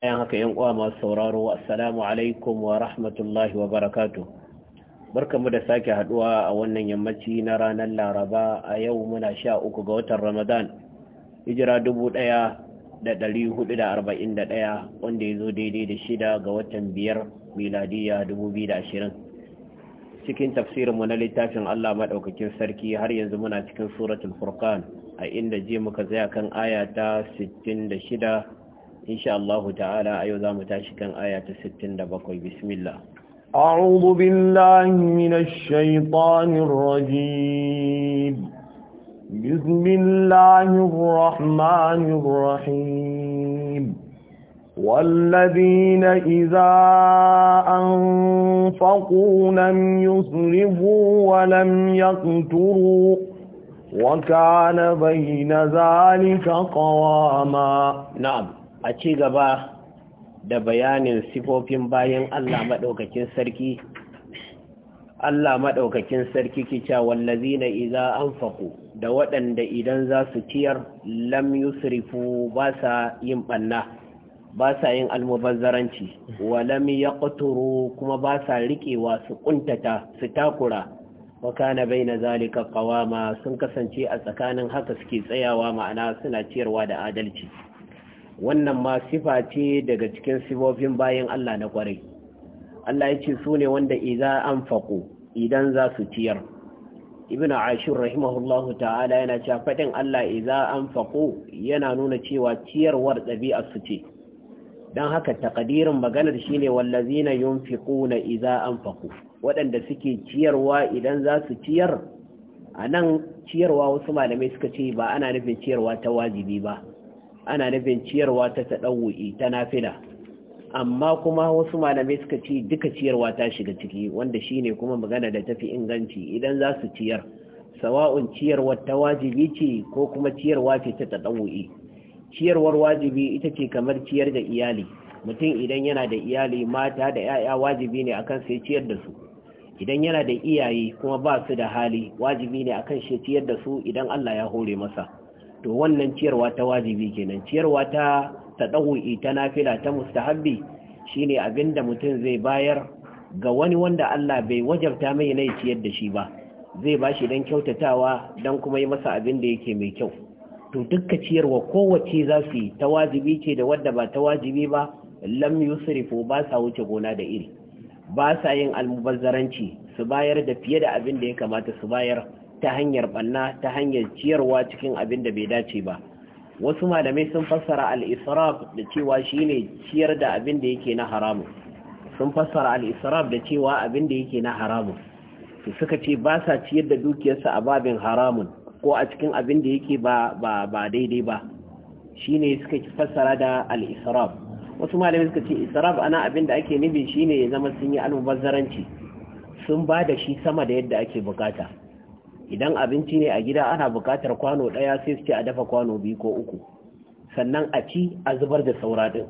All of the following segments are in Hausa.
bayan haka yan uwa masu sauraro assalamu alaikum wa rahmatullahi wa barakatu mu da sake haduwa a wannan yammaci na ranar laraba a yau muna sha uku ga watan ramadan hijira dubu daya da dari hudu da arba'in da daya wanda ya zo daidai da shida ga watan biyar miladiya dubu biyu da ashirin cikin tafsirinmu na littafin allah maɗaukakin sarki har yanzu muna cikin suratul furqan a inda je muka tsaya kan aya ta sittin da shida insha Allah ta'ala za mu tashi kan aya ta 67 bismillah a'udhu billahi minash shaitanir rajim bismillahir rahmanir rahim والذين إذا أنفقوا لم يصرفوا ولم يقتروا وكان بين ذلك قواما نعم a ci gaba da bayanin sifofin bayan Allah maɗaukakin sarki Allah maɗaukakin sarki kica wallazi na iza an faku da waɗanda idan za su ciyar lam yusrifu ba sa yin ɓanna ba sa yin almubazzaranci wa lam ya ƙuturu kuma ba sa riƙewa su ƙuntata su takura wa kana baina zalika ƙawama sun kasance a tsakanin haka suke tsayawa ma'ana suna ciyarwa da adalci wannan ma sifa ce daga cikin sifofin bayan Allah na kwarai Allah ya ce su ne wanda iza an faƙo idan za su ciyar ibn ashir rahimahullahu ta'ala yana cewa fadin Allah iza an faƙo yana nuna cewa ciyarwar ɗabi'a su ce dan haka takadirin maganar shine wallazina yunfiquna iza an faƙo waɗanda suke ciyarwa idan za su ciyar a ciyarwa wasu malamai suka ce ba ana nufin ciyarwa ta wajibi ba ana nufin ciyarwa ta taɗawu'i ta nafila amma kuma wasu malamai suka ci duka ciyarwa ta shiga ciki wanda shine kuma magana da tafi inganci idan za su ciyar sawa'un ciyarwar ta wajibi ce ko kuma ciyarwa ce ta taɗawu'i ciyarwar wajibi ita ce kamar ciyar da iyali mutum idan yana da iyali mata da 'ya'ya wajibi ne akan sai ciyar da su idan yana da iyaye kuma ba su da hali wajibi ne akan shi ciyar da su idan Allah ya hore masa to wannan ciyarwa ta wajibi kenan ciyarwa ta tadawi ta nafila ta mustahabbi shine abinda mutum zai bayar ga wani wanda Allah bai wajabta mai n'ai ciyar da shi ba zai bashi dan kyautatawa dan kuma yi masa abin da yake mai kyau to dukka ciyarwa kowace za su yi ta wajibi ce da wadda ba ta wajibi ba lam yusrifu ba sa wuce gona da iri ba sa yin almubazzaranci su bayar da fiye da abin da ya kamata su bayar ta hanyar banna ta hanyar ciyarwa cikin abin da bai dace ba wasu malamai sun fassara al-israf da cewa shine ciyar da abin da yake na haramu sun fassara al-israf da cewa abin da yake na haramu su suka ce ba sa ciyar da dukiyarsa a babin haramun ko a cikin abin da yake ba ba ba daidai ba shine suka fassara da al-israf wasu malamai suka ce israf ana abin da ake nufi shine ya zama sun yi almubazzaranci sun ba da shi sama da yadda ake bukata idan abinci ne a gida ana buƙatar kwano ɗaya sai suke a dafa kwano biyu ko uku sannan a ci a zubar da saura ɗin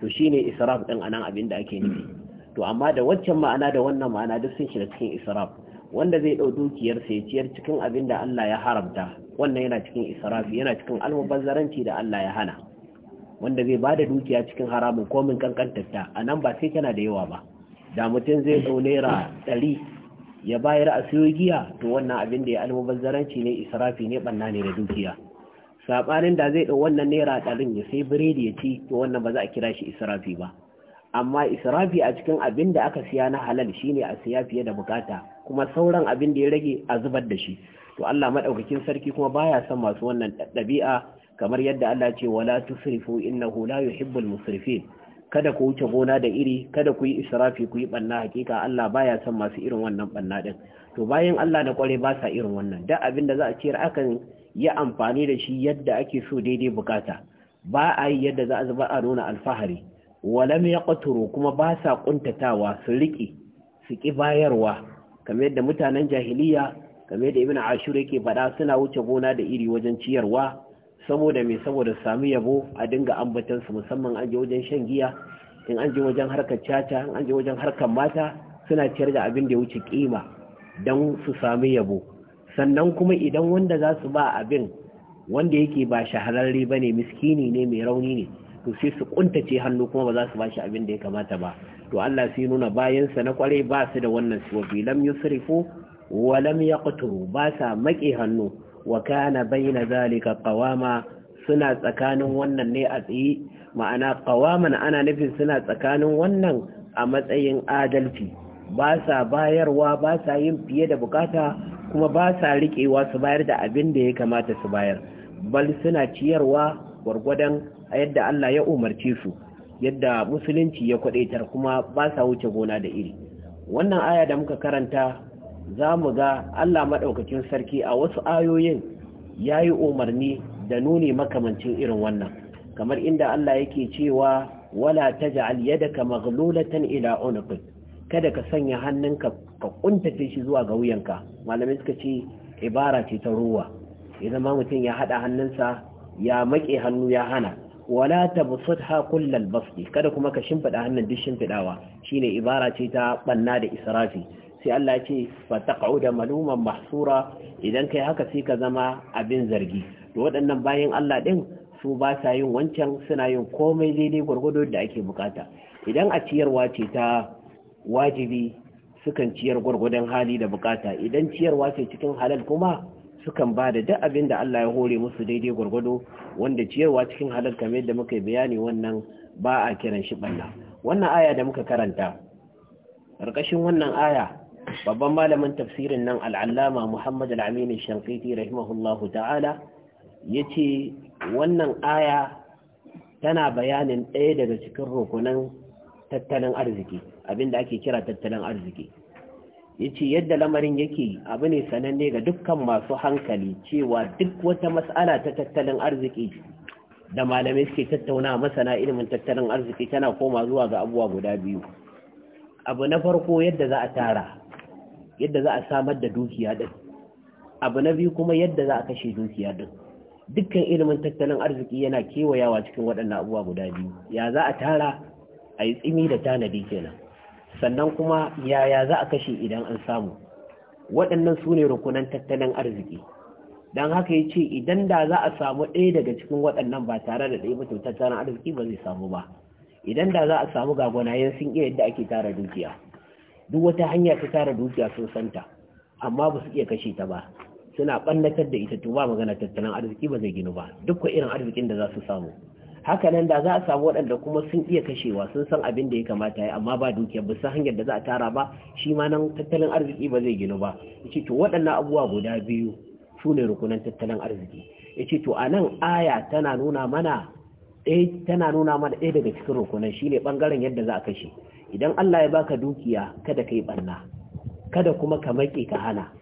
to shi ne israf ɗin a nan abin da ake nufi to amma da waccan ma'ana da wannan ma'ana duk sun shiga cikin israf wanda zai ɗau dukiyar sai ciyar cikin abin da Allah ya haramta wannan yana cikin israf yana cikin almubazzaranci da Allah ya hana wanda zai bada dukiya cikin haramun komin kankantar ta a nan ba sai tana da yawa ba da mutum zai ɗau naira ɗari ya bayar a siyo giya to wannan abin da ya almubazzaranci ne israfi ne banna ne da dukiya Saɓanin da zai ɗau wannan naira ɗarin ya sai biredi ya ci to wannan ba za a kira shi israfi ba amma israfi a cikin abin da aka siya na halal shi ne a siya fiye da bukata kuma sauran abin da ya rage a zubar da shi to Allah maɗaukakin sarki kuma baya son masu wannan ɗabi'a kamar yadda Allah ce wala tusrifu innahu la yuhibbul musrifin kada ku wuce gona da iri kada ku yi israfi ku yi banna hakika Allah baya son masu irin wannan banna din to bayan Allah da kware ba sa irin wannan da abin da za a ciyar akan yi amfani da shi yadda ake so daidai bukata ba a yi yadda za a zuba a nuna alfahari walam yaqturu kuma ba sa kuntatawa su riki su ki bayarwa kamar yadda mutanen jahiliya kamar yadda ibnu ashur yake faɗa suna wuce gona da iri wajen ciyarwa saboda mai saboda sami yabo a dinga ambatan su musamman an je wajen shan giya in an je wajen harkar caca in an je wajen harkar mata suna ciyar da abin da ya wuce kima don su sami yabo sannan kuma idan wanda za su ba abin wanda yake ba shahararre ba ne miskini ne mai rauni ne to sai su kuntace hannu kuma ba za su ba shi abin da ya kamata ba to Allah sai nuna bayansa na kwarai ba su da wannan siwafi lam yusrifu wa lam yaqturu ba sa maƙe hannu wa kana bayna zalika qawama suna tsakanin wannan ne a tsaye ma'ana qawaman ana nufin suna tsakanin wannan a matsayin adalci ba sa bayarwa ba sa yin fiye da bukata kuma ba sa riƙewa su bayar da abin da ya kamata su bayar bal suna ciyarwa gwargwadon a yadda Allah ya umarce su yadda musulunci ya kwadaitar kuma ba sa wuce gona da iri wannan aya da muka karanta za mu ga Allah maɗaukakin sarki a wasu ayoyin ya yi umarni da nuni makamancin irin wannan kamar inda Allah yake cewa wala ta ja'al yadaka maghlulatan ila unuqik kada ka sanya hannunka ka kuntace shi zuwa ga wuyanka malamai suka ce ibara ce ta ruwa idan ma mutum ya hada hannunsa ya make hannu ya hana wala tabsutha kullal basti kada kuma ka shimfida hannun duk shimfidawa shine ibara ce ta banna da israfi sai Allah ce fa taqauda maluman mahsura idan kai haka sai ka zama abin zargi to waɗannan bayan Allah din su ba sa yin wancan suna yin komai daidai gwargwado da ake bukata idan a ciyarwa ce ta wajibi sukan ciyar gwargwadon hali da bukata idan ciyarwa ce cikin halal kuma sukan ba da duk abin da Allah ya hore musu daidai gwargwado wanda ciyarwa cikin halal kamar yadda muka bayani wannan ba a kiran shi banna wannan aya da muka karanta karkashin wannan aya babban malamin tafsirin nan al'allama muhammad al'aminin shankiti rahimahullahu ta'ala ya ce wannan aya tana bayanin ɗaya daga cikin rukunan tattalin arziki abinda ake kira tattalin arziki ya ce yadda lamarin yake abu ne sananne ga dukkan masu hankali cewa duk wata matsala ta tattalin arziki da malamai suke tattauna masana ilimin tattalin arziki tana koma zuwa ga abubuwa guda biyu abu na farko yadda za a tara yadda za a samar da dukiya din abu na biyu kuma yadda za a kashe dukiya din dukkan ilimin tattalin arziki yana kewayawa cikin waɗannan abubuwa guda biyu ya za a tara a yi tsimi da tanadi kenan sannan kuma yaya za a kashe idan an samu waɗannan su ne rukunan tattalin arziki don haka ya ce idan da za a samu ɗaya daga cikin waɗannan ba tare da ɗaya mutum tattalin arziki ba zai samu ba idan da za a samu gagwanayen sun iya yadda ake tara dukiya duk wata hanya ta tara dukiya sun santa amma ba su iya kashe ta ba suna ɓannatar da ita to ba magana tattalin arziki ba zai ginu ba duk irin arzikin da za su samu haka nan da za a samu waɗanda kuma sun iya kashewa sun san abin da ya kamata ya amma ba dukiya, ba san hanyar da za a tara ba shi ma nan tattalin arziki ba zai ginu ba yace to waɗannan abubuwa guda biyu su ne rukunan tattalin arziki yace to a nan aya tana nuna mana ɗaya tana nuna mana ɗaya daga cikin rukunan shine bangaren yadda za a kashe idan Allah ya baka dukiya kada ka yi barna kada kuma ka maƙe ka hana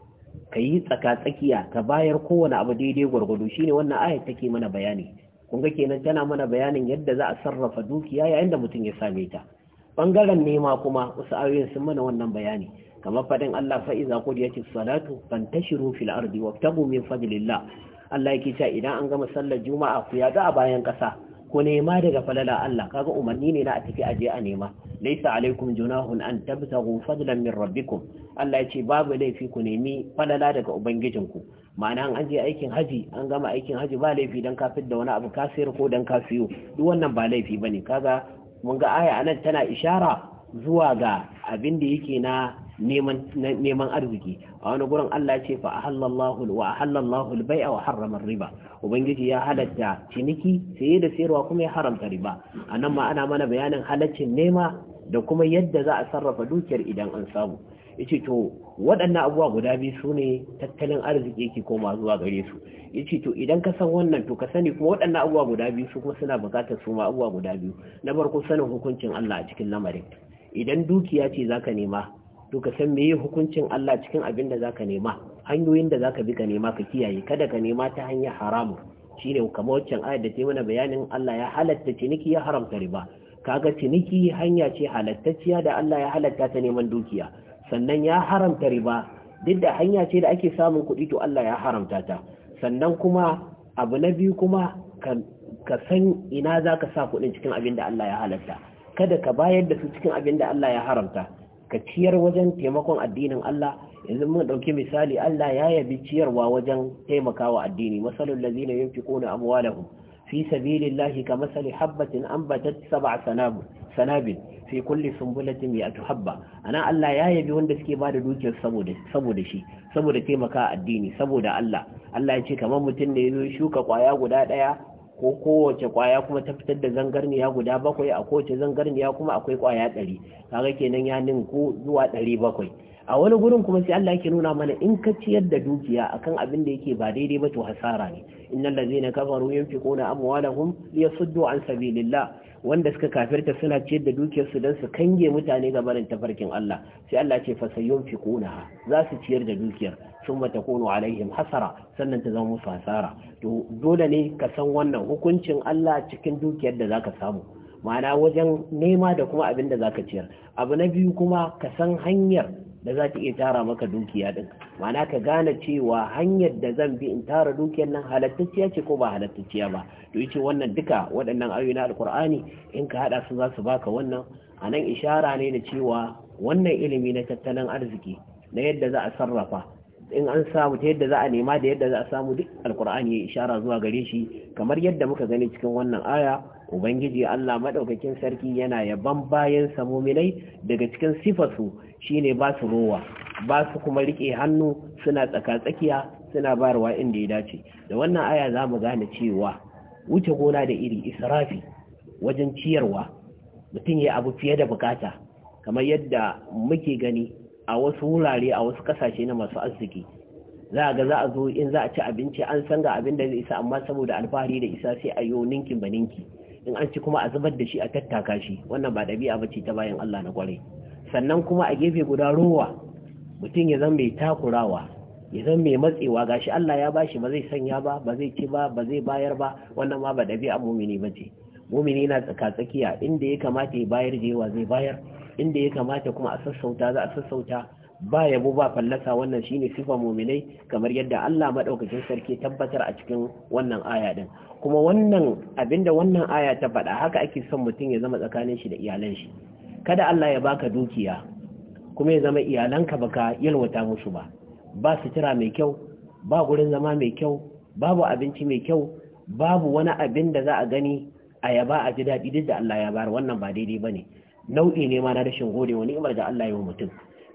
ka yi tsaka-tsakiya ka bayar kowane abu daidai gwargwado shine wannan ayat take mana bayani kun ga kenan tana mana bayanin yadda za a sarrafa dukiya yayin da mutum ya same ta bangaren nema kuma wasu ayoyin sun mana wannan bayani kamar faɗin Allah fa iza yake salatu fantashiru fil ardi wabtagu min fadlillah Allah yake cewa idan an gama sallar juma'a ku ya a bayan ƙasa ku nema daga falala Allah kaga umarni ne na a tafi aje a nema laisa alaikum junahun an tabtaghu fadlan min rabbikum Allah yace babu laifi ku nemi falala daga ubangijinku ma'ana an je aikin haji an gama aikin haji ba laifi dan kafir da wani abu kasir ko dan kafiyo duk wannan ba laifi bane kaga mun ga aya anan tana ishara zuwa ga abin da yake na neman arziki a wani gurin Allah ce fa ahallallahu wa ahallallahu al-bai'a wa harrama riba ubangiji ya halatta ciniki saye da sayarwa kuma ya haramta riba anan ma ana mana bayanin halaccin nema da kuma yadda za a sarrafa dukiyar idan an samu yace to waɗannan abubuwa guda biyu su ne tattalin arziki yake koma zuwa gare su yace to idan ka san wannan to ka sani kuma waɗannan abubuwa guda biyu su kuma suna bukatar su ma abubuwa guda biyu na farko sanin hukuncin Allah a cikin lamarin idan dukiya ce zaka nema to ka san meye hukuncin Allah cikin abin da zaka nema hanyoyin da zaka bi ka nema ka kiyaye kada ka nema ta hanya haramu shine kamar waccan ayar da ta mana bayanin Allah ya halatta ciniki ya haramta riba kaga ciniki hanya ce halattacciya da Allah ya halatta ta neman dukiya sannan ya haramta riba duk da hanya ce da ake samun kuɗi to Allah ya haramta ta sannan kuma abu na biyu kuma ka san ina za ka sa kuɗin cikin abin da Allah ya halatta kada ka bayar da su cikin abin da Allah ya haramta ka ciyar wajen taimakon addinin Allah yanzu mun dauki misali Allah ya yabi ciyarwa wajen taimakawa addini masalul ladina yunfiquna amwalahum fi sabilillahi kamasali habatin ambatat sab'a sanabu sanabil fi kulli sunbulatin mi'atu habba ana Allah ya yabi wanda suke ba da dukiyar saboda saboda shi saboda taimaka addini saboda Allah Allah ya ce kamar mutum ne ya shuka kwaya guda daya ko kowace kwaya kuma ta fitar da zangarniya guda bakwai a kowace zangarniya kuma akwai kwaya ɗari kaga kenan ya ninku zuwa ɗari bakwai a wani gurin kuma sai Allah yake nuna mana in ka ciyar da dukiya akan abin da yake ba daidai ba to hasara ne innal ladzina kafaru yunfiquna amwalahum liyasuddu an sabilillah wanda suka kafirta suna ciyar da dukiyarsu don su kange mutane ga barin tafarkin Allah sai Allah ce fasayyun fi kunaha za su ciyar da dukiyar sun mata kono alaihim hasara sannan ta zama musu hasara to dole ne ka san wannan hukuncin Allah cikin dukiyar da zaka samu ma'ana wajen nema da kuma abin da zaka ciyar abu na biyu kuma ka san hanyar da za ta iya tara maka dukiya din mana ka gane cewa hanyar da zan bi in tara dukiyar nan halattacciya ce ko ba halattacciya ba to yace wannan duka waɗannan ayoyi na alkur'ani in ka hada su za su baka wannan anan ishara ne da cewa wannan ilimi na tattalin arziki na yadda za a sarrafa in an samu ta yadda za a nema da yadda za a samu duk alkur'ani ya ishara zuwa gare shi kamar yadda muka gani cikin wannan aya ubangiji Allah maɗaukakin sarki yana yaban bayan samominai daga cikin sifarsu shine ba su rowa ba su kuma riƙe hannu suna tsakatsakiya suna barwa inda ya dace da wannan aya za mu gane cewa wuce gona da iri israfi wajen ciyarwa mutum ya abu fiye da bukata kamar yadda muke gani a wasu wurare a wasu kasashe na masu arziki za a ga za a zo in za a ci abinci an san ga abin da zai isa amma saboda alfahari da isa sai a yi ninkin ba ninki in an ci kuma a zubar da shi a tattaka shi wannan ba ɗabi'a ba ce ta bayan Allah na kwarai sannan kuma a gefe guda rowa mutum ya zama mai takurawa ya zama mai matsewa ga shi Allah ya bashi ba zai sanya ba ba zai ci ba ba zai bayar ba wannan ma ba ɗabi'a mumini ba ce mumini na tsaka-tsakiya. inda ya kamata ya bayar da yawa zai bayar inda ya kamata kuma a sassauta za a sassauta ba yabo ba fallasa wannan shine sifa muminai kamar yadda Allah madaukakin sarki tabbatar a cikin wannan aya din kuma wannan abinda wannan aya ta faɗa haka ake son mutum ya zama tsakanin shi da iyalan shi kada Allah ya baka dukiya kuma ya zama iyalanka baka yalwata musu ba ba sutura mai kyau ba gurin zama mai kyau babu abinci mai kyau babu wani abin da za a gani a yaba a ji daɗi duk da Allah ya bar wannan ba daidai bane nau'i ne ma na rashin gode wani imar da Allah ya yi wa mutum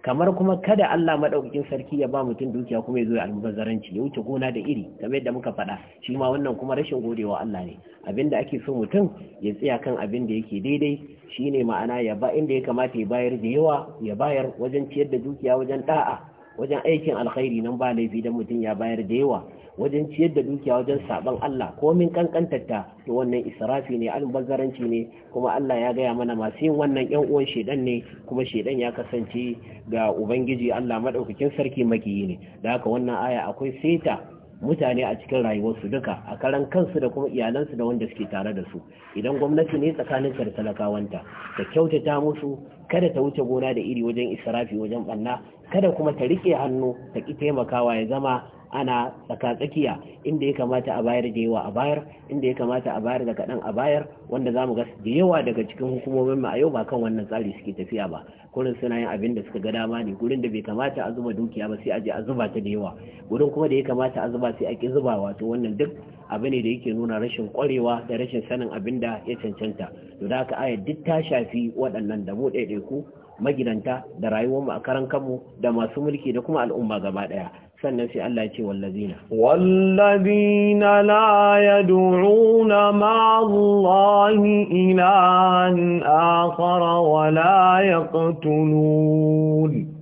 kamar kuma kada Allah madaukakin sarki ya ba mutum dukiya kuma ya zo ya albazaranci ya wuce gona da iri kamar yadda muka faɗa shi ma wannan kuma rashin godewa Allah ne abinda ake so mutum ya tsaya kan abin da yake daidai shine ma'ana ya ba inda ya kamata ya bayar da yawa ya bayar wajen ciyar da dukiya wajen da'a wajen aikin alkhairi nan ba laifi dan mutum ya bayar da yawa wajen ciyar da dukiya wajen saban Allah ko min kankantarta to wannan israfi ne almubazzaranci ne kuma Allah ya gaya mana masu yin wannan yan uwan shedan ne kuma shedan ya kasance ga ubangiji Allah madaukakin sarki makiyi ne da haka wannan aya akwai seta mutane a cikin rayuwarsu duka a karan kansu da kuma iyalansu da wanda suke tare da su idan gwamnati ne tsakanin da talakawanta ta kyautata musu kada ta wuce gona da iri wajen israfi wajen banna kada kuma ta rike hannu ta ki taimakawa ya zama ana tsaka-tsakiya inda ya kamata a bayar da yawa a bayar inda ya kamata a bayar da kaɗan a bayar wanda za mu ga da yawa daga cikin hukumomin mu a yau ba kan wannan tsari suke tafiya ba kurin suna yin abin da suka ga dama ne gurin da bai kamata a zuba dukiya ba sai a je a zuba ta da yawa gurin kuma da ya kamata a zuba sai a ki zuba wato wannan duk abu ne da yake nuna rashin kwarewa da rashin sanin abin da ya cancanta to da aka ayar duk ta shafi waɗannan da mu ɗaiɗaiku magidanta da rayuwarmu a karan kanmu da masu mulki da kuma al'umma gaba ɗaya sannan sai Allah ya ce wallazina wallazina la yad'una ma'a Allahi ilahan akhar wa la yaqtulun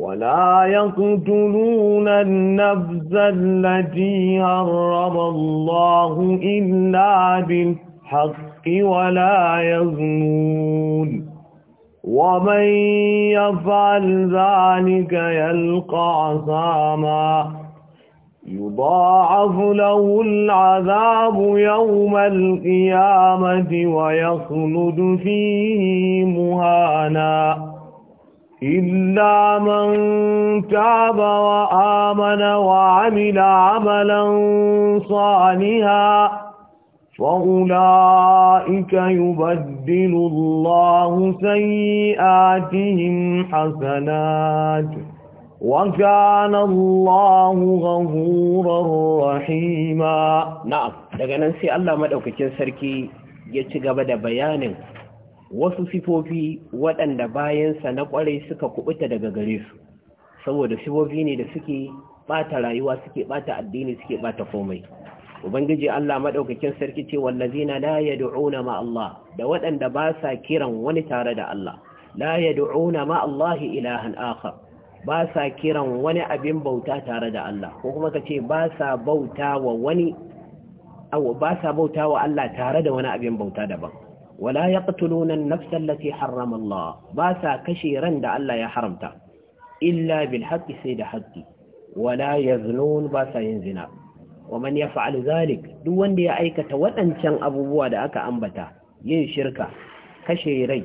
ولا يقتلون النفس التي هرب الله إلا بالحق ولا يظنون ومن يفعل ذلك يلقى عصاما يضاعف له العذاب يوم القيامة ويخلد فيه مهانا إلا من تاب وآمن وعمل عملا صالحا وأولئك يبدل الله سيئاتهم حسنات وكان الله غفورا رحيما نعم daga nan sai Allah madaukakin sarki ya ci gaba da bayanin wasu sifofi waɗanda bayansa na ƙwarai suka kubuta daga gare su saboda sifofi ne da suke bata rayuwa suke bata addini suke bata komai ubangiji Allah madaukakin sarki ce wallazina la yad'una ma Allah da waɗanda ba sa kiran wani tare da Allah la yad'una ma Allah ilahan akhar ba sa kiran wani abin bauta tare da Allah ko kuma kace ba sa bauta wa wani aw ba sa bauta wa Allah tare da wani abin bauta daban wala yaqtuluna an-nafsa allati harrama Allah ba sa kashe ran da Allah ya haramta illa bil haqqi sai da haqqi wala yaznun ba sa yin zina wa man yaf'al zalik duk wanda ya aikata waɗancan abubuwa da aka ambata yin shirka kashe rai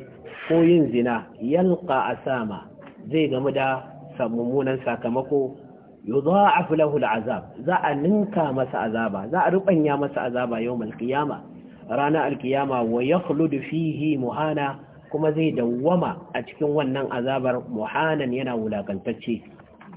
ko yin zina yalqa asama zai gamu da mummunan sakamako yudha'afu lahu al'azab za a ninka masa azaba za a rubanya masa azaba yau qiyama ranar alkiyama wa yakhludu fihi muhana kuma zai dawwama a cikin wannan azabar muhanan yana wulakantacce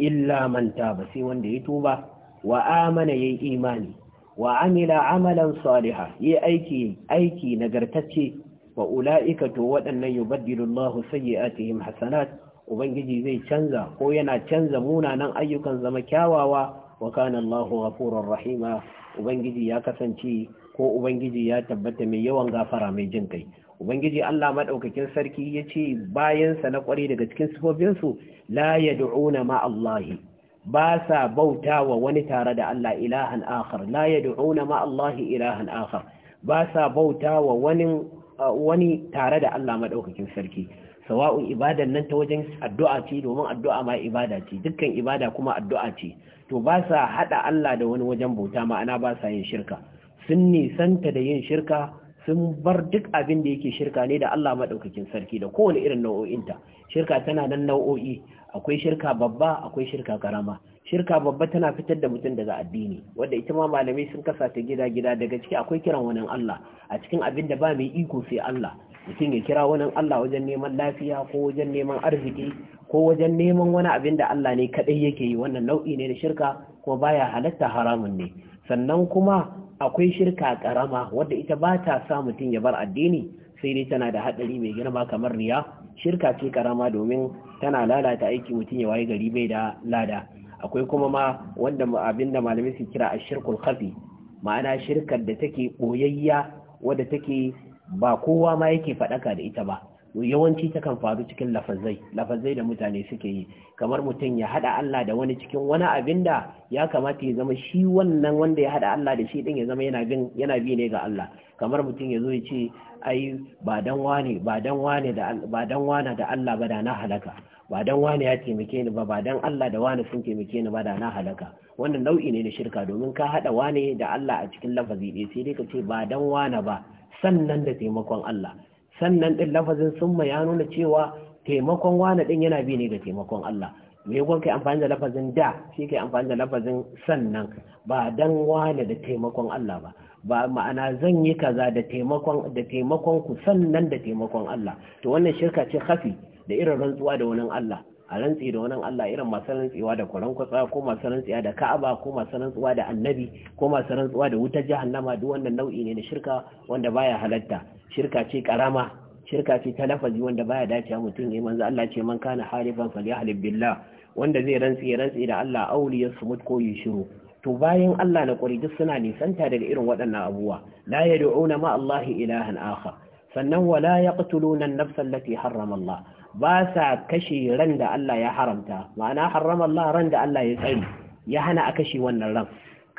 illa manta taba sai wanda ya tuba wa amana yayi imani wa amila amalan saliha yi aiki aiki nagartacce wa ula'ika to waɗannan yubaddilu Allah sayyi'atihim hasanat ubangiji zai canza ko yana canza munanan ayyukan zama kyawawa wa kana Allahu ghafurur rahima ubangiji ya kasance ko ubangiji ya tabbata mai yawan gafara mai jin kai ubangiji Allah madaukakin sarki yace bayan sa na kware daga cikin sifofinsu la yad'una ma Allahi ba sa bauta wa wani tare da Allah ilahan akhar la yad'una ma Allah ilahan akhar ba sa bauta wa wani uh, wani tare da Allah madaukakin sarki sawa'un ibadan nan ta wajen addu'a ce domin addu'a ma ibada ce dukkan ibada kuma addu'a ce to ba sa hada Allah da wani wajen bauta ma'ana ba sa yin shirka sun nisanta da yin shirka sun bar duk abin da yake shirka ne da Allah maɗaukakin sarki da kowane irin nau'o'inta shirka tana nan nau'o'i akwai shirka babba akwai shirka karama shirka babba tana fitar da mutum daga addini wadda ita ma malamai sun kasa ta gida-gida daga ciki akwai kiran wani Allah a cikin abin da ba mai iko sai Allah mutum ya kira wani Allah wajen neman lafiya ko wajen neman arziki ko wajen neman wani abin da Allah ne kaɗai yake yi wannan nau'i ne na shirka kuma baya halatta haramun ne sannan kuma akwai shirka karama wadda ita ba ta sa mutum ya bar addini sai dai tana da haɗari mai girma kamar riya shirka ce karama domin tana lalata aiki mutum ya waye gari bai da lada akwai kuma ma wanda abin da malamai su kira a shirkul khafi ma'ana shirkar da take boyayya wadda take ba kowa ma yake faɗaka da ita ba yawanci takan faru cikin lafazai lafazai da mutane suke yi kamar mutum ya hada Allah da wani cikin wani abin da ya kamata ya zama shi wannan wanda ya hada Allah da shi din ya zama yana bin yana bi ne ga Allah kamar mutum ya zo ya ce ai ba dan wane ba dan wane da ba dan wane da Allah ba da na halaka ba dan wane ya taimake ni ba ba dan Allah da wane sun taimake ni ba da na halaka wannan nau'i ne na shirka domin ka hada wane da Allah a cikin lafazi ɗaya sai dai ka ce ba dan wane ba sannan da taimakon Allah sannan ɗin lafazin sun ya nuna cewa taimakon wane ɗin yana bi ne ga taimakon Allah mai gwan kai amfani da lafazin da shi kai amfani da lafazin sannan ba dan wane da taimakon Allah ba ba ma'ana zan yi kaza da taimakon ku sannan da taimakon Allah to wannan shirka ce khafi da irin rantsuwa da wani Allah a rantsi da wannan Allah irin masu rantsewa da kwaran kwatsa ko masu rantsewa da Ka'aba ko masu rantsuwa da Annabi ko masu rantsuwa da wutar jahannama duk wannan nau'i ne na shirka wanda baya halatta shirka ce karama shirka ce ta lafazi wanda baya dacewa mutum ne manzo Allah ce man kana halifan falyahlib billah wanda zai rantsi rantsi da Allah auli yasmut ko shiru. to bayan Allah na kwari duk suna nisanta daga irin waɗannan abubuwa la yad'una ma Allah ilahan akhar sannan wala yaqtuluna an-nafsa allati harrama Allah ba sa kashe ran da Allah ya haramta ma'ana harrama Allah ran da Allah ya tsari ya hana a kashe wannan ran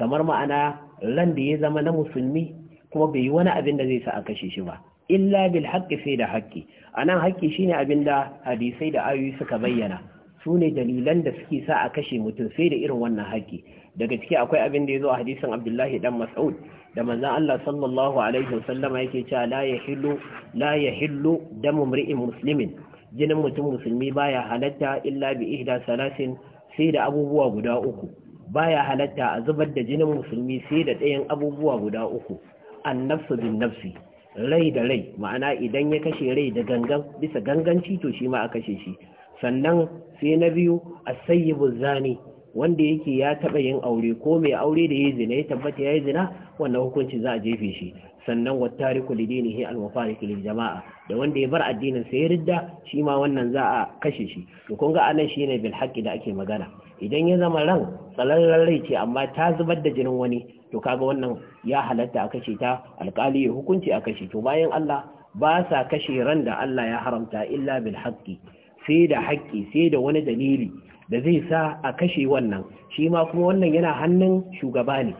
kamar ma'ana ran da ya zama na musulmi kuma bai yi wani abin da zai sa a kashe shi ba illa bil haqqi sai da haqqi anan haqqi shine abin da hadisai da ayoyi suka bayyana su ne dalilan da suke sa a kashe mutum sai da irin wannan haƙƙi daga ciki akwai abin da ya zo a hadisin abdullahi dan mas'ud da manzan Allah sallallahu alaihi wasallama yake cewa la yahillu la yahillu damu muslimin jinin mutum musulmi baya halatta illa bi ihda salasin sai da abubuwa guda uku baya halatta a zubar da jinin musulmi sai da ɗayan abubuwa guda uku annafsu bin nafsi rai da rai ma'ana idan ya kashe rai da gangan bisa ganganci to shi ma a kashe shi sannan sai na biyu a sayi zani wanda yake ya taɓa yin aure ko mai aure da ya zina ya tabbata ya yi zina wannan hukunci za a jefe shi sannan wa tariku lidinihi al mufariqu lil jama'a da wanda ya bar addinin sai ya ridda shi ma wannan za a kashe shi to kun ga anan shine bil haqqi da ake magana idan ya zama ran tsalarran rai ce amma ta zubar da jinin wani to kaga wannan ya halatta a kashe ta alkali ya hukunci a kashe to bayan Allah ba sa kashe ran da Allah ya haramta illa bil haqqi sai da haƙƙi sai da wani dalili da zai sa a kashe wannan shi ma kuma wannan yana hannun shugaba ne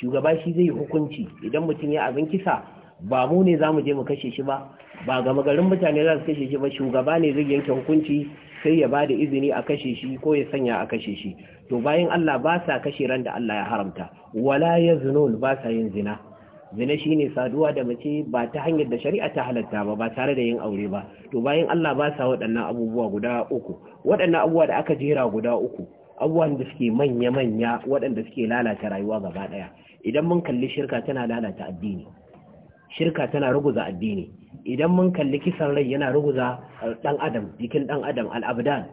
shugaba shi zai hukunci idan mutum ya abin kisa ba mu ne za mu je mu kashe shi ba ba gama garin mutane za su kashe shi ba shugaba ne zai yanke hukunci sai ya ba da izini a kashe shi ko ya sanya a kashe shi to bayan Allah ba sa kashe ran da Allah ya haramta wala ya zinun ba sa yin zina zina shine saduwa da mace ba ta hanyar da shari'a ta halatta ba ba tare da yin aure ba to bayan Allah ba sa waɗannan abubuwa guda uku waɗannan abubuwa da aka jera guda uku abubuwan da suke manya-manya waɗanda suke lalata rayuwa gaba ɗaya idan mun kalli shirka tana lalata addini shirka tana ruguza addini idan mun kalli kisan rai yana ruguza ɗan adam jikin ɗan adam al'abdan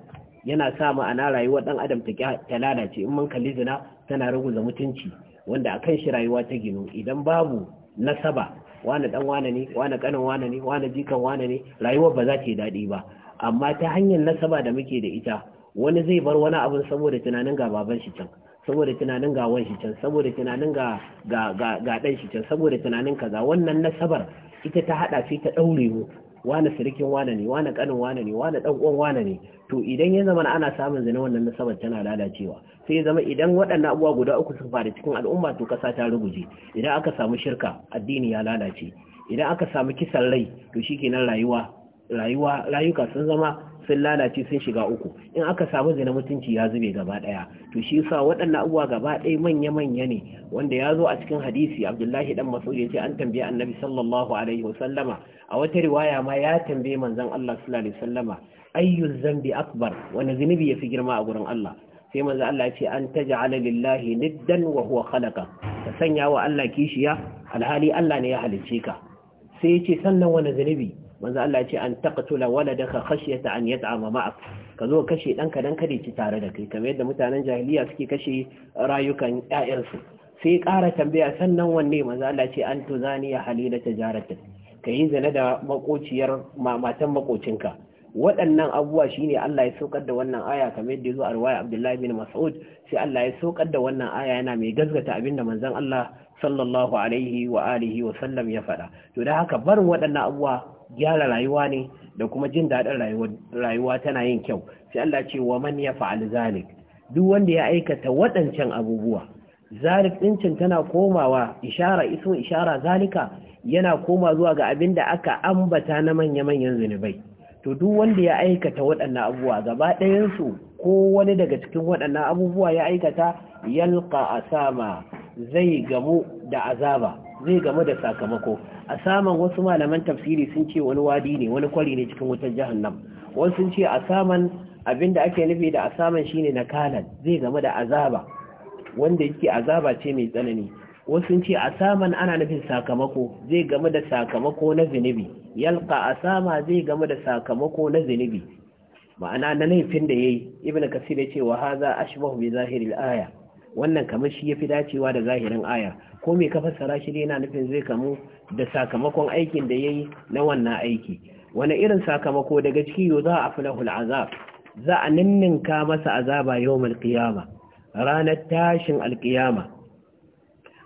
yana sa ma'ana rayuwar ɗan adam ta lalace in mun kalli zina tana ruguza mutunci wanda a kan shi rayuwa ta ginu idan babu nasaba wane ɗan wane ne wane ƙanin wane ne wane jikan wane ne rayuwar ba za ta yi daɗi ba amma ta hanyar nasaba da muke da ita wani zai bar wani abin saboda tunanin ga baban shi can saboda tunanin ga wan shi can saboda tunanin ga ga dan shi can saboda tunanin kaza wannan nasabar ita ta hada sai ta daure mu wani sirikin wani ne wani kanin wani ne wani dan uwan wani ne to idan ya zama ana samun zina wannan nasabar tana lalacewa sai ya zama idan waɗannan abubuwa guda uku sun faru cikin al'umma to kasa ta ruguje idan aka samu shirka addini ya lalace idan aka samu kisan rai to shikenan rayuwa rayuwa rayuka sun zama sun lalace sun shiga uku in aka samu zina mutunci ya zube gaba daya to shi yasa waɗannan abubuwa gaba ɗaya manya manya ne wanda ya zo a cikin hadisi Abdullahi dan masu ya ce an tambaye Annabi sallallahu alaihi wasallama a wata riwaya ma ya tambaye manzon Allah sallallahu alaihi wasallama ayyu zambi akbar wani zunubi yafi girma a gurin Allah sai manzo Allah ya ce an taj'ala lillahi niddan wa huwa khalaqa ka sanya wa Allah kishiya alhali Allah ne ya halicce ka sai ya ce sannan wani zunubi manzo Allah ya ce an taqtula waladaka khashyata an yat'ama ma'ak ka zo kashe danka dan ka ci tare da kai kamar yadda mutanen jahiliya suke kashe rayukan ƴaƴansu sai ƙara tambaya sannan wanne manzo Allah ce an tuzaniya halila tijarata kai zina da makociyar matan makocinka waɗannan abubuwa shine Allah ya saukar da wannan aya kamar yadda yazo a riwaya Abdullahi bin Mas'ud sai Allah ya saukar da wannan aya yana mai gazgata abinda manzon Allah sallallahu alaihi wa alihi wa sallam ya faɗa to da haka barin waɗannan abubuwa gyara rayuwa ne da kuma jin daɗin rayuwa tana yin kyau sai Allah ce wa man ya fa'al zalik duk wanda ya aikata waɗancan abubuwa zalik ɗincin tana komawa ishara iso ishara zalika yana koma zuwa ga abin da aka ambata na manya-manyan zunubai to duk wanda ya aikata waɗannan abubuwa gaba ɗayansu ko wani daga cikin waɗannan abubuwa ya aikata yalka asama zai gamu da azaba zai game da sakamako a saman wasu malaman tafsiri sun ce wani wadi ne wani kwari ne cikin wutar jahannam Wani sun ce a saman abinda ake nufi da a saman shine nakalan zai game da azaba wanda yake azaba ce mai tsanani Wani sun ce a saman ana nufin sakamako zai game da sakamako na zunubi yalka a sama zai game da sakamako na zunubi ma'ana na laifin da yayi ibnu kasir ya ce wa haza ashbahu bi zahiril aya wannan kamar shi ya fi dacewa da zahirin aya ko mai ka fassara shi yana nufin zai kamu da sakamakon aikin da ya yi na wannan aiki wani irin sakamako daga ciki yau za a fulahul azab za a ninninka masa azaba yau malkiyama ranar tashin alkiyama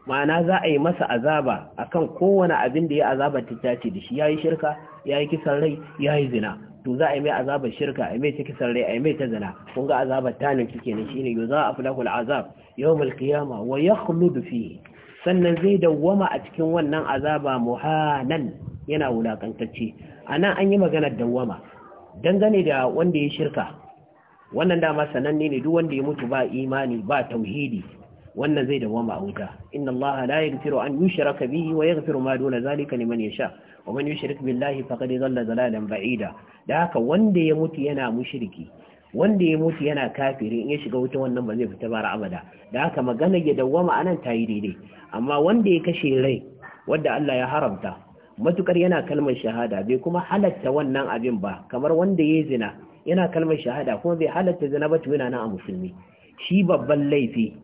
ma'ana za a yi masa azaba akan kowane abin da ya azabar ta tace da shi yi shirka ya yi kisan rai ya yi zina to za a yi mai azabar shirka a yi mai cikin rai a yi mai ta zina kun ga azabar tanin cike ne shine yau za a fulakul azab yau malkiyama wa ya khuludu fi sannan zai dawwama a cikin wannan azaba muhanan yana wulakantacce a nan an yi maganar dawwama dangane da wanda ya shirka wannan dama sananne ne duk wanda ya mutu ba imani ba tauhidi wannan zai dawama a wuta inna allaha la yaghfiru an yushraka bihi wa yaghfiru ma duna zalika liman yasha wa man yushrik billahi faqad dhalla dhalalan ba'ida da haka wanda ya mutu yana mushriki wanda ya mutu yana kafiri in ya shiga wuta wannan ba zai fita bara abada da haka magana ya dawama anan tayi daidai amma wanda ya kashe rai wanda Allah ya haramta matukar yana kalmar shahada bai kuma halatta wannan abin ba kamar wanda ya zina yana kalmar shahada kuma bai halatta zina ba tuna na a musulmi shi babban laifi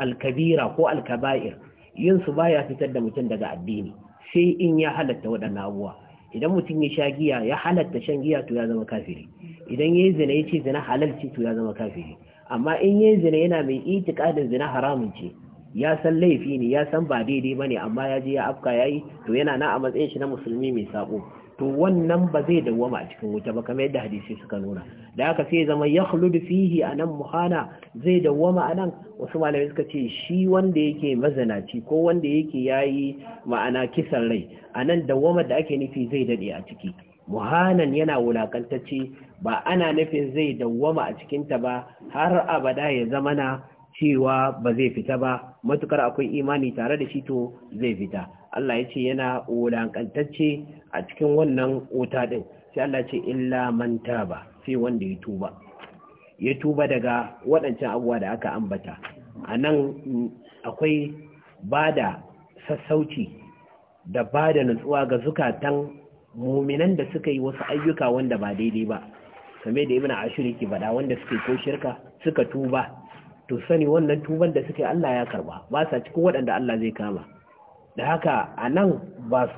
alkabira ko alkaba'ir yin su baya fitar da mutum daga addini sai in ya halatta waɗannan abuwa idan mutum ya sha giya ya halatta shan giya to ya zama kafiri idan ya yi zina ya ce, zina halal ce to ya zama kafiri amma in ya yi zina yana mai itikadin zina haramun ce ya san laifi ne ya san ba daidai bane amma ya je ya afka yayi to yana na a matsayin shi na musulmi mai sabo to wannan ba zai dawwama a cikin wuta ba kamar yadda hadisi suka nuna da haka sai zama ya khuludu fihi anan muhana zai dawwama anan wasu malamai suka ce shi wanda yake mazanaci ko wanda yake yayi ma'ana kisan rai anan dawwama da ake nufi zai dade a ciki muhanan yana wulakantacce ba ana nufin zai dawwama a cikin ta ba har abada ya zama na. cewa ba zai fita ba matukar akwai imani tare da shi to zai fita Allah ya ce yana wulankantacce a cikin wannan wuta din sai Allah ce illa man taba sai wanda ya tuba ya tuba daga waɗancan abubuwa da aka ambata a nan akwai bada sassauci da bada nutsuwa ga zukatan muminan da suka yi wasu ayyuka wanda ba daidai ba kame da ibn ashir yake faɗa wanda suke ko shirka suka tuba to sani wannan tuban da suka Allah ya karba ba sa cikin waɗanda Allah zai kama da haka a nan ba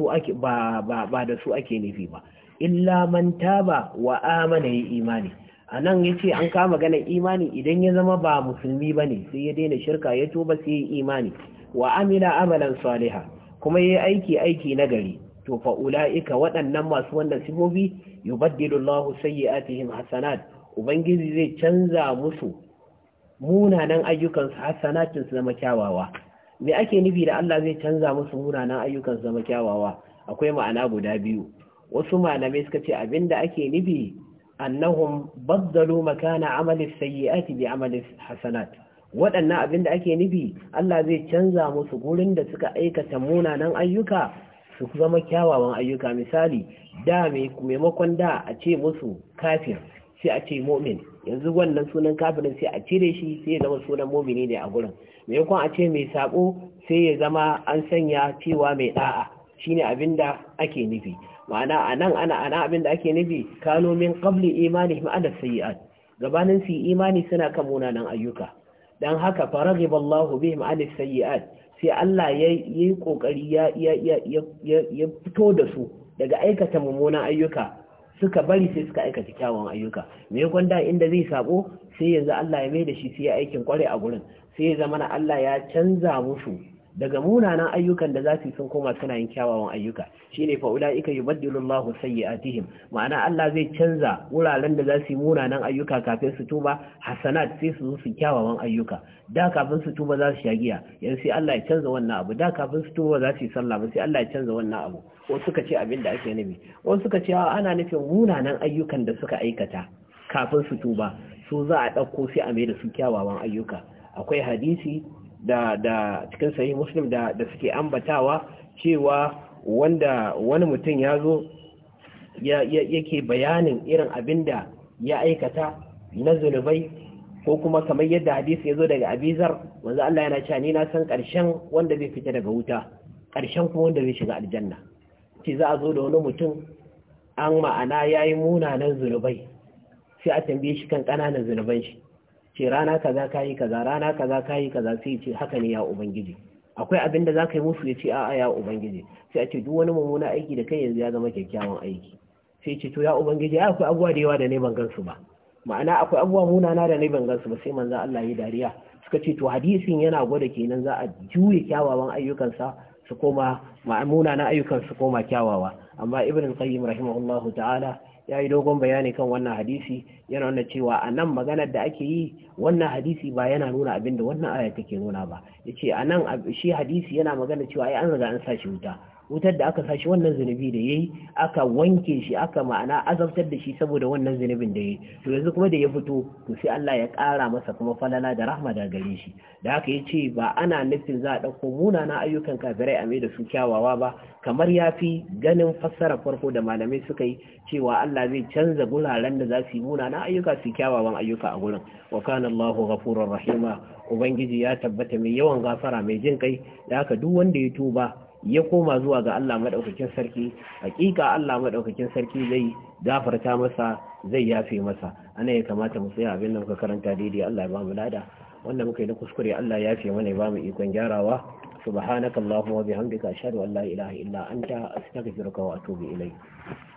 ba ba da su ake nufi ba illa man taba wa amana yi imani a nan yace an kama ganin imani idan ya zama ba musulmi ne. sai ya daina shirka ya tuba sai ya imani wa amila amalan saliha kuma yayi aiki aiki na gari. to fa ulaika waɗannan masu wannan sibobi yubaddilu Allahu sayyi'atihim hasanat ubangiji zai canza musu munanan ayyukansu hasanatin su zama kyawawa me ake nufi da Allah zai canza musu munanan ayyukan su zama kyawawa akwai ma'ana guda biyu wasu malamai suka ce abinda ake nufi annahum baddalu makana amali sayyi'ati bi amali hasanat waɗannan abinda ake nufi Allah zai canza musu gurin da suka aikata munanan ayyuka su zama kyawawan ayyuka misali da maimakon da a ce musu kafir sai a ce mu'min yanzu wannan sunan kafirin sai a cire shi sai ya zama sunan mu'mini ne a gurin maimakon a ce mai sabo sai ya zama an sanya cewa mai da'a shine abinda ake nufi ma'ana anan ana ana abinda ake nufi kano min qabli ma ala sayyi'at gabanin su imani suna kan munanan ayyuka dan haka faraghiballahu bihim ala sayyi'at sai Allah yayi yi kokari ya ya ya fito da su daga aikata mummunan ayyuka suka bari sai suka aikata kyawun ayyuka me gwanda inda zai sabo sai yanzu Allah ya mai da shi sai ya aikin kware a gurin sai ya zama na Allah ya canza musu daga munanan ayyukan da za su sun koma suna yin kyawawan ayyuka Shi ne fa ulaika yubaddilu Allahu atihim. ma'ana Allah zai canza wuraren da za su yi munanan ayyuka kafin su tuba hasanat sai su zo su kyawawan ayyuka da kafin su tuba za su shagiya yanzu sai Allah ya canza wannan abu da kafin su tuba za su yi sallah ba sai Allah ya canza wannan abu wasu suka ce abin da ake nufi wasu suka ce ana nufin munanan ayyukan da suka aikata kafin su tuba su za a ɗauko sai a mai da su kyawawan ayyuka akwai hadisi da cikin sahi muslim da da suke ambatawa cewa wanda wani mutum ya zo yake bayanin irin abin da ya aikata na zunubai ko kuma kamar yadda hadisi ya zo daga abizar wanzu Allah yana cewa ni na san ƙarshen wanda zai fita daga wuta ƙarshen kuma wanda zai shiga aljanna ce za a zo da wani mutum an ma'ana ya yi munanan zunubai sai a tambaye shi kan ƙananan zunuban shi ce rana kaza kayi kaza rana kaza kayi kaza sai ce haka ne ya ubangiji akwai abin da zaka yi musu ya ce a'a ya ubangiji sai a ce duk wani mummuna aiki da kai yanzu ya zama kyakkyawan aiki sai ce to ya ubangiji ai akwai abubuwa da yawa da ne ban gansu ba ma'ana akwai abubuwa munana da ne ban gansu ba sai manzo Allah ya dariya suka ce to hadisin yana gwada kenan za a juye kyawawan ayyukansa su koma ma'amuna na ayyukan su koma kyawawa amma ibn qayyim rahimahullahu ta'ala ya yi dogon bayani kan wannan hadisi yana nuna cewa a nan maganar da ake yi wannan hadisi ba yana nuna abin da wannan aya take nuna ba ya ce a nan shi hadisi yana maganar cewa ai an riga an sa shi wuta wutar da aka sashi wannan zunubi da ya yi, aka wanke shi aka ma'ana azabtar da shi saboda wannan zunubin da ya yi. to yanzu kuma da ya fito to sai Allah ya ƙara masa kuma falala da rahma da gare shi da haka yace ba ana nufin za a dauko munana ayyukan kafirai a mai da su kyawawa ba kamar yafi ganin fassara farko da malamai suka yi cewa Allah zai canza guraren da za su yi munana ayyuka su kyawawan ayyuka a gurin wa kana Allahu ghafurur rahima ubangiji ya tabbata mai yawan gafara mai jin kai da haka duk wanda ya tuba ya koma zuwa ga Allah madaukakin sarki hakika Allah madaukakin sarki zai gafarta masa zai yafe masa ana ya kamata mu tsaya abin da muka karanta daidai Allah ya ba mu lada wanda muka yi na kuskure Allah ya yafe mana ya ba mu ikon gyarawa subhanakallahumma wa bihamdika ashhadu an la ilaha illa anta astaghfiruka wa atubu ilayk